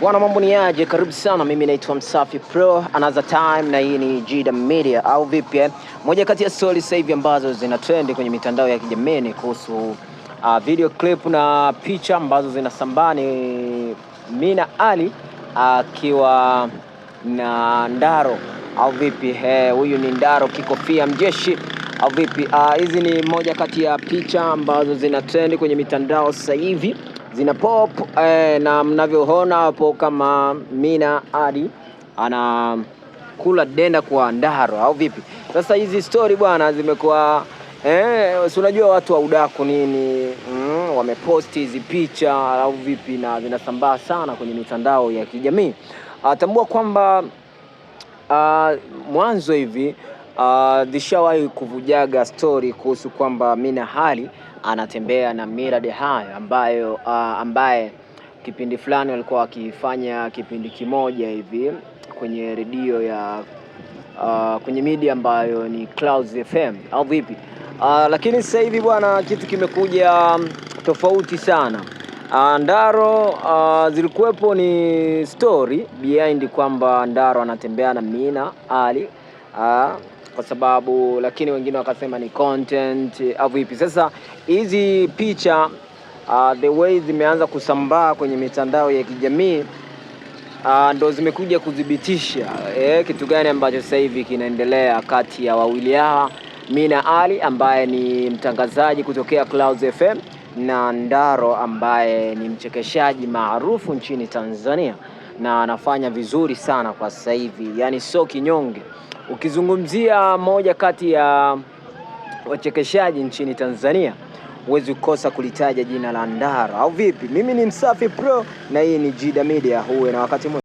Bwana, mambo ni aje? Karibu sana, mimi naitwa Msafi Pro another time, na hii ni Jida Media au vipi? Eh? Moja kati ya stori sasa hivi ambazo zina trend kwenye mitandao ya kijamii ni kuhusu uh, video clip na picha ambazo zinasambaa ni Mina Ali akiwa uh, na Ndaro au vipi? Eh, huyu ni Ndaro kikofia mjeshi au vipi? Ah, hizi uh, ni moja kati ya picha ambazo zina trend kwenye mitandao sasa hivi zina pop eh, na mnavyoona hapo kama Mina Adi anakula denda kwa ndaro au vipi? Sasa hizi story bwana zimekuwa eh, si unajua watu wa udaku nini mm, wameposti hizi picha au vipi, na zinasambaa sana kwenye mitandao ya kijamii. Atambua ah, kwamba uh, mwanzo hivi uh, zishawahi kuvujaga story kuhusu kwamba Mina hali anatembea na mirad hayo ambayo uh, ambaye kipindi fulani walikuwa wakifanya kipindi kimoja hivi kwenye redio ya uh, kwenye media ambayo ni Clouds FM au vipi? Uh, lakini sasa hivi bwana, kitu kimekuja tofauti sana. Uh, Ndaro uh, zilikuwepo ni story behind kwamba Ndaro anatembea na Mina Ali aa, ah, kwa sababu lakini wengine wakasema ni content au ah, vipi. Sasa hizi picha uh, the way zimeanza kusambaa kwenye mitandao ya kijamii uh, ndo zimekuja kudhibitisha eh, kitu gani ambacho sasa hivi kinaendelea kati ya wawili hawa Mina Ali ambaye ni mtangazaji kutokea Clouds FM na Ndaro ambaye ni mchekeshaji maarufu nchini Tanzania na anafanya vizuri sana kwa sasa hivi, yaani sio kinyonge. Ukizungumzia moja kati ya wachekeshaji nchini Tanzania huwezi kukosa kulitaja jina la Ndara, au vipi? Mimi ni Msafi Pro na hii ni Jida Media, huwe na wakati mwema.